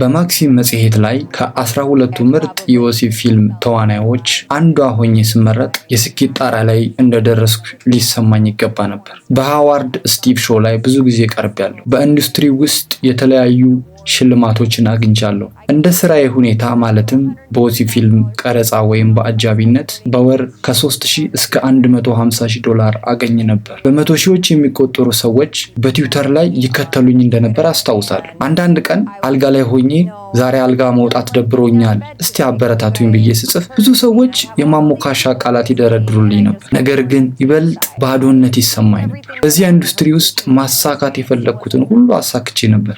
በማክሲም መጽሔት ላይ ከአስራ ሁለቱ ምርጥ የወሲብ ፊልም ተዋናዮች አንዷ ሆኜ ስመረጥ የስኬት ጣራ ላይ እንደደረስኩ ሊሰማኝ ይገባ ነበር። በሃዋርድ ስቲቭ ሾው ላይ ብዙ ጊዜ ቀርቤያለሁ። በኢንዱስትሪ ውስጥ የተለያዩ ሽልማቶችን አግኝቻለሁ። እንደ ስራዬ ሁኔታ ማለትም በወሲ ፊልም ቀረጻ ወይም በአጃቢነት በወር ከ3000 እስከ 150 ዶላር አገኝ ነበር። በመቶ ሺዎች የሚቆጠሩ ሰዎች በትዊተር ላይ ይከተሉኝ እንደነበር አስታውሳለሁ። አንዳንድ ቀን አልጋ ላይ ሆኜ ዛሬ አልጋ መውጣት ደብሮኛል፣ እስቲ አበረታቱኝ ብዬ ስጽፍ ብዙ ሰዎች የማሞካሻ ቃላት ይደረድሩልኝ ነበር። ነገር ግን ይበልጥ ባዶነት ይሰማኝ ነበር። በዚያ ኢንዱስትሪ ውስጥ ማሳካት የፈለግኩትን ሁሉ አሳክቼ ነበር።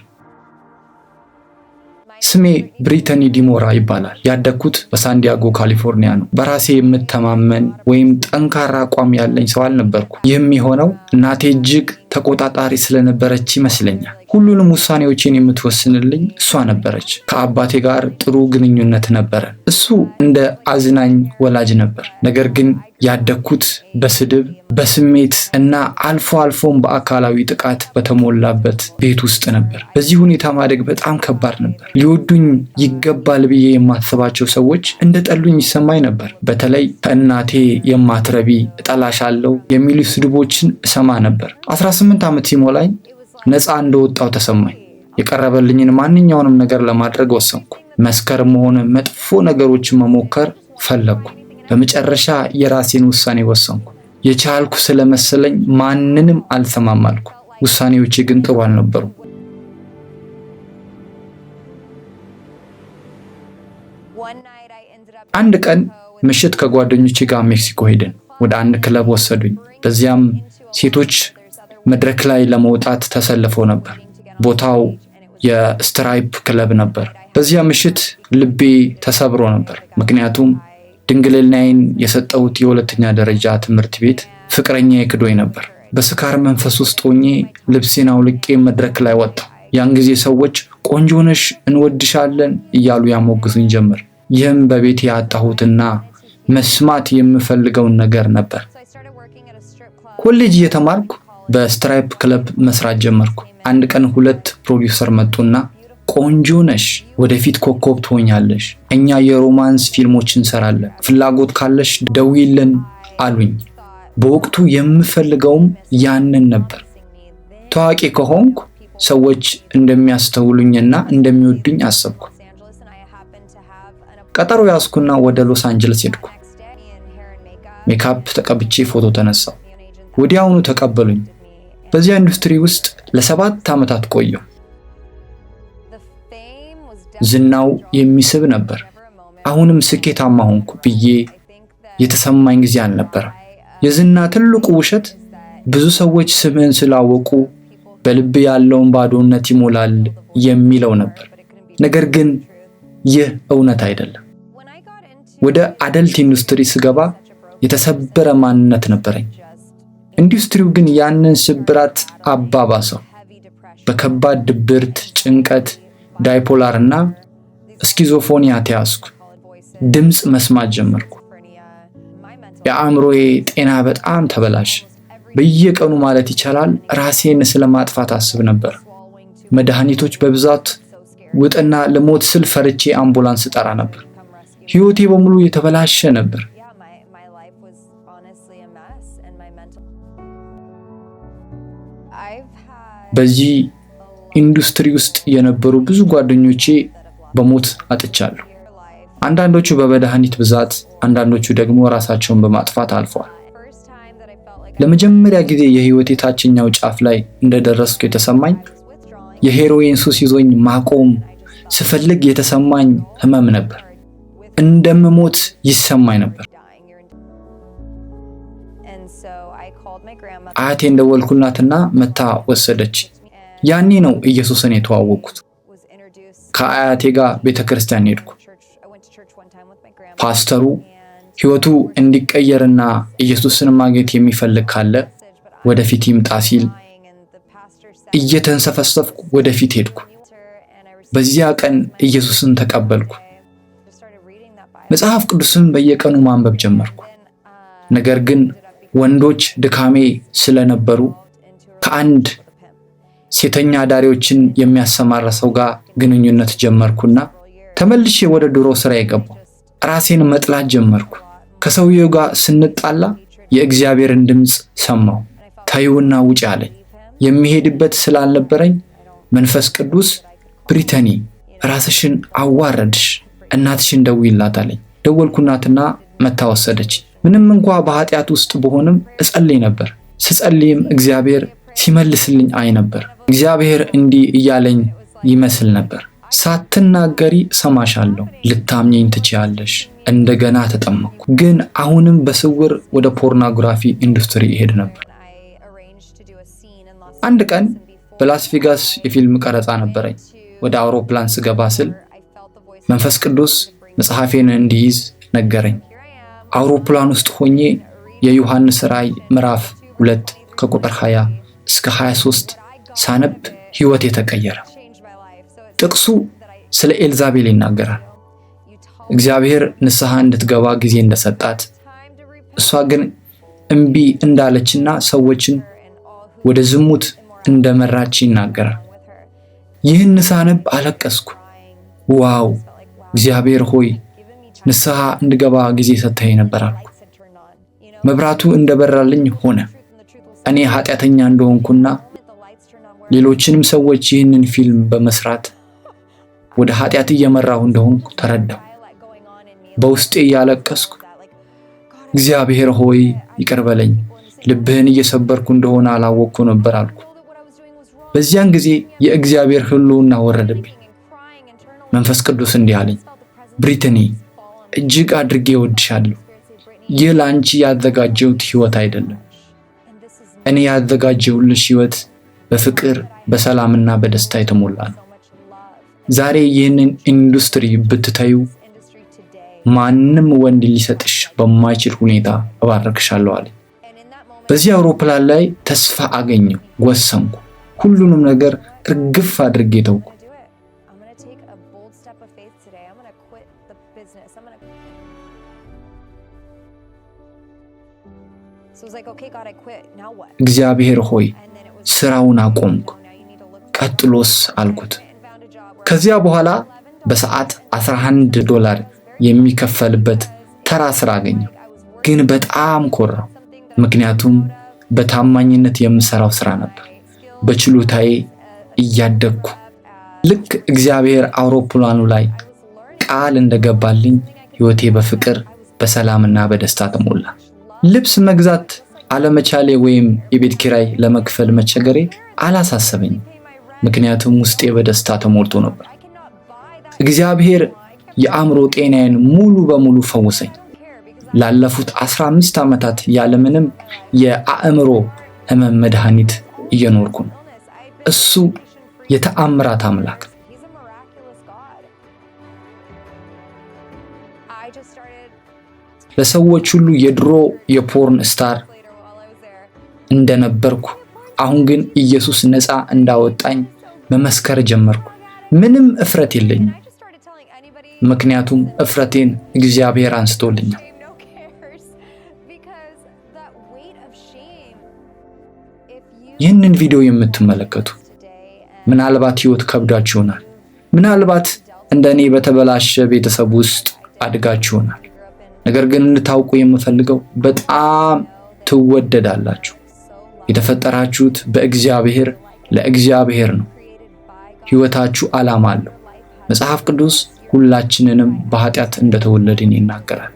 ስሜ ብሪተኒ ዲሞራ ይባላል። ያደግኩት በሳንዲያጎ ካሊፎርኒያ ነው። በራሴ የምተማመን ወይም ጠንካራ አቋም ያለኝ ሰው አልነበርኩ። ይህም የሆነው እናቴ እጅግ ተቆጣጣሪ ስለነበረች ይመስለኛል። ሁሉንም ውሳኔዎችን የምትወስንልኝ እሷ ነበረች። ከአባቴ ጋር ጥሩ ግንኙነት ነበረ። እሱ እንደ አዝናኝ ወላጅ ነበር። ነገር ግን ያደግኩት በስድብ በስሜት እና አልፎ አልፎም በአካላዊ ጥቃት በተሞላበት ቤት ውስጥ ነበር። በዚህ ሁኔታ ማደግ በጣም ከባድ ነበር። ሊወዱኝ ይገባል ብዬ የማስባቸው ሰዎች እንደ ጠሉኝ ይሰማኝ ነበር። በተለይ ከእናቴ የማትረቢ እጠላሻለሁ የሚሉ ስድቦችን እሰማ ነበር። 18 ዓመት ሲሞላኝ ነፃ እንደወጣው ተሰማኝ። የቀረበልኝን ማንኛውንም ነገር ለማድረግ ወሰንኩ። መስከርም ሆነ መጥፎ ነገሮችን መሞከር ፈለግኩ። በመጨረሻ የራሴን ውሳኔ ወሰንኩ። የቻልኩ ስለመሰለኝ ማንንም አልተማማልኩ። ውሳኔዎቼ ግን ጥሩ አልነበሩ። አንድ ቀን ምሽት ከጓደኞቼ ጋር ሜክሲኮ ሄደን ወደ አንድ ክለብ ወሰዱኝ። በዚያም ሴቶች መድረክ ላይ ለመውጣት ተሰልፎ ነበር። ቦታው የስትራይፕ ክለብ ነበር። በዚያ ምሽት ልቤ ተሰብሮ ነበር። ምክንያቱም ድንግልናዬን የሰጠሁት የሁለተኛ ደረጃ ትምህርት ቤት ፍቅረኛ ክዶኝ ነበር። በስካር መንፈስ ውስጥ ሆኜ ልብሴን አውልቄ መድረክ ላይ ወጣሁ። ያን ጊዜ ሰዎች ቆንጆ ነሽ፣ እንወድሻለን እያሉ ያሞግሱኝ ጀመር። ይህም በቤት ያጣሁትና መስማት የምፈልገውን ነገር ነበር። ኮሌጅ እየተማርኩ በስትራይፕ ክለብ መስራት ጀመርኩ። አንድ ቀን ሁለት ፕሮዲውሰር መጡና ቆንጆ ነሽ፣ ወደፊት ኮከብ ትሆኛለሽ፣ እኛ የሮማንስ ፊልሞች እንሰራለን፣ ፍላጎት ካለሽ ደውይልን አሉኝ። በወቅቱ የምፈልገውም ያንን ነበር። ታዋቂ ከሆንኩ ሰዎች እንደሚያስተውሉኝና እንደሚወዱኝ አሰብኩ። ቀጠሮ ያዝኩና ወደ ሎስ አንጀለስ ሄድኩ። ሜካፕ ተቀብቼ ፎቶ ተነሳው። ወዲያውኑ ተቀበሉኝ። በዚያ ኢንዱስትሪ ውስጥ ለሰባት ዓመታት ቆየው ዝናው የሚስብ ነበር። አሁንም ስኬታማ ሆንኩ ብዬ የተሰማኝ ጊዜ አልነበረም። የዝና ትልቁ ውሸት ብዙ ሰዎች ስምህን ስላወቁ በልብ ያለውን ባዶነት ይሞላል የሚለው ነበር። ነገር ግን ይህ እውነት አይደለም። ወደ አደልት ኢንዱስትሪ ስገባ የተሰበረ ማንነት ነበረኝ። ኢንዱስትሪው ግን ያንን ስብራት አባባሰው። በከባድ ድብርት፣ ጭንቀት፣ ዳይፖላር እና ስኪዞፎኒያ ተያዝኩ። ድምፅ መስማት ጀመርኩ። የአእምሮዬ ጤና በጣም ተበላሽ። በየቀኑ ማለት ይቻላል ራሴን ስለማጥፋት አስብ ነበር። መድኃኒቶች በብዛት ውጥና ለሞት ስል ፈርቼ አምቡላንስ ጠራ ነበር። ህይወቴ በሙሉ የተበላሸ ነበር። በዚህ ኢንዱስትሪ ውስጥ የነበሩ ብዙ ጓደኞቼ በሞት አጥቻለሁ። አንዳንዶቹ በመድኃኒት ብዛት፣ አንዳንዶቹ ደግሞ ራሳቸውን በማጥፋት አልፈዋል። ለመጀመሪያ ጊዜ የህይወቴ ታችኛው ጫፍ ላይ እንደደረስኩ የተሰማኝ የሄሮይን ሱስ ይዞኝ ማቆም ስፈልግ የተሰማኝ ህመም ነበር። እንደምሞት ይሰማኝ ነበር። አያቴ ደወልኩላትና መታ ወሰደች። ያኔ ነው ኢየሱስን የተዋወቅኩት። ከአያቴ ጋር ቤተ ክርስቲያን ሄድኩ። ፓስተሩ ሕይወቱ እንዲቀየርና ኢየሱስን ማግኘት የሚፈልግ ካለ ወደፊት ይምጣ ሲል እየተንሰፈሰፍኩ ወደፊት ሄድኩ። በዚያ ቀን ኢየሱስን ተቀበልኩ። መጽሐፍ ቅዱስን በየቀኑ ማንበብ ጀመርኩ። ነገር ግን ወንዶች ድካሜ ስለነበሩ ከአንድ ሴተኛ አዳሪዎችን የሚያሰማራ ሰው ጋር ግንኙነት ጀመርኩና ተመልሼ ወደ ድሮ ስራ የገባው ራሴን መጥላት ጀመርኩ። ከሰውየው ጋር ስንጣላ የእግዚአብሔርን ድምፅ ሰማው ታዩና ውጭ አለኝ። የሚሄድበት ስላልነበረኝ መንፈስ ቅዱስ ብሪተኒ ራስሽን አዋረድሽ፣ እናትሽን ደውይላት አለኝ። ደወልኩናትና መታወሰደች። ምንም እንኳ በኃጢአት ውስጥ ብሆንም እጸልይ ነበር። ስጸልይም እግዚአብሔር ሲመልስልኝ አይ ነበር። እግዚአብሔር እንዲህ እያለኝ ይመስል ነበር፣ ሳትናገሪ ሰማሻለሁ፣ ልታምኘኝ ትችያለሽ። እንደገና ተጠመቅኩ፣ ግን አሁንም በስውር ወደ ፖርኖግራፊ ኢንዱስትሪ ይሄድ ነበር። አንድ ቀን በላስ ቬጋስ የፊልም ቀረጻ ነበረኝ። ወደ አውሮፕላን ስገባ ስል መንፈስ ቅዱስ መጽሐፌን እንዲይዝ ነገረኝ። አውሮፕላን ውስጥ ሆኜ የዮሐንስ ራእይ ምዕራፍ 2 ከቁጥር 20 እስከ 23 ሳነብ ሕይወት የተቀየረ። ጥቅሱ ስለ ኤልዛቤል ይናገራል። እግዚአብሔር ንስሐ እንድትገባ ጊዜ እንደሰጣት እሷ ግን እምቢ እንዳለችና ሰዎችን ወደ ዝሙት እንደመራች ይናገራል። ይህን ሳነብ አለቀስኩ። ዋው! እግዚአብሔር ሆይ ንስሐ እንድገባ ጊዜ ሰጥተኸኝ ነበር አልኩ። መብራቱ እንደበራልኝ ሆነ። እኔ ኃጢአተኛ እንደሆንኩና ሌሎችንም ሰዎች ይህንን ፊልም በመስራት ወደ ኃጢአት እየመራሁ እንደሆንኩ ተረዳሁ። በውስጤ እያለቀስኩ እግዚአብሔር ሆይ ይቅር ልብህን እየሰበርኩ እንደሆነ አላወቅኩ ነበር አልኩ። በዚያን ጊዜ የእግዚአብሔር ሕልውና ወረደብኝ። መንፈስ ቅዱስ እንዲህ አለኝ፣ ብሪትኒ እጅግ አድርጌ እወድሻለሁ። ይህ ለአንቺ ያዘጋጀሁት ህይወት አይደለም። እኔ ያዘጋጀሁልሽ ህይወት በፍቅር በሰላምና በደስታ የተሞላ ነው። ዛሬ ይህንን ኢንዱስትሪ ብትታዩ ማንም ወንድ ሊሰጥሽ በማይችል ሁኔታ እባረክሻለሁ አለ። በዚህ አውሮፕላን ላይ ተስፋ አገኘው፣ ወሰንኩ። ሁሉንም ነገር እርግፍ አድርጌ ተውኩ። እግዚአብሔር ሆይ ስራውን አቆምኩ፣ ቀጥሎስ አልኩት። ከዚያ በኋላ በሰዓት 11 ዶላር የሚከፈልበት ተራ ስራ አገኘሁ። ግን በጣም ኮራው፣ ምክንያቱም በታማኝነት የምሰራው ስራ ነበር። በችሎታዬ እያደግኩ ልክ እግዚአብሔር አውሮፕላኑ ላይ ቃል እንደገባልኝ ሕይወቴ በፍቅር በሰላምና በደስታ ተሞላ። ልብስ መግዛት አለመቻሌ ወይም የቤት ኪራይ ለመክፈል መቸገሬ አላሳሰበኝም፣ ምክንያቱም ውስጤ በደስታ ተሞልቶ ነበር። እግዚአብሔር የአእምሮ ጤናዬን ሙሉ በሙሉ ፈውሰኝ። ላለፉት 15 ዓመታት ያለምንም የአእምሮ ህመም መድኃኒት እየኖርኩ ነው። እሱ የተአምራት አምላክ ነው። ለሰዎች ሁሉ የድሮ የፖርን ስታር እንደነበርኩ አሁን ግን ኢየሱስ ነፃ እንዳወጣኝ መመስከር ጀመርኩ። ምንም እፍረት የለኝም፣ ምክንያቱም እፍረቴን እግዚአብሔር አንስቶልኛል። ይህንን ቪዲዮ የምትመለከቱ ምናልባት ህይወት ከብዳችሁናል። ይሆናል። ምናልባት እንደ እኔ በተበላሸ ቤተሰብ ውስጥ አድጋችሁናል። ይሆናል። ነገር ግን እንድታውቁ የምፈልገው በጣም ትወደዳላችሁ። የተፈጠራችሁት በእግዚአብሔር ለእግዚአብሔር ነው። ሕይወታችሁ ዓላማ አለው። መጽሐፍ ቅዱስ ሁላችንንም በኃጢአት እንደተወለድን ይናገራል።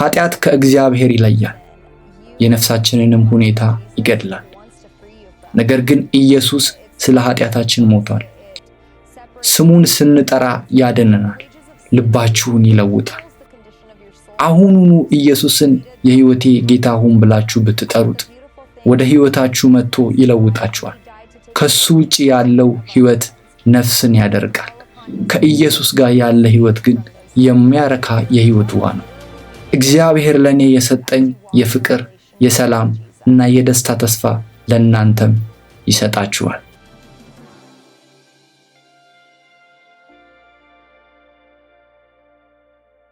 ኃጢአት ከእግዚአብሔር ይለያል፣ የነፍሳችንንም ሁኔታ ይገድላል። ነገር ግን ኢየሱስ ስለ ኃጢአታችን ሞቷል። ስሙን ስንጠራ ያደንናል ልባችሁን ይለውጣል። አሁኑኑ ኢየሱስን የሕይወቴ ጌታ ሁን ብላችሁ ብትጠሩት ወደ ሕይወታችሁ መጥቶ ይለውጣችኋል። ከሱ ውጭ ያለው ሕይወት ነፍስን ያደርጋል። ከኢየሱስ ጋር ያለ ሕይወት ግን የሚያረካ የሕይወት ውሃ ነው። እግዚአብሔር ለእኔ የሰጠኝ የፍቅር የሰላም እና የደስታ ተስፋ ለእናንተም ይሰጣችኋል።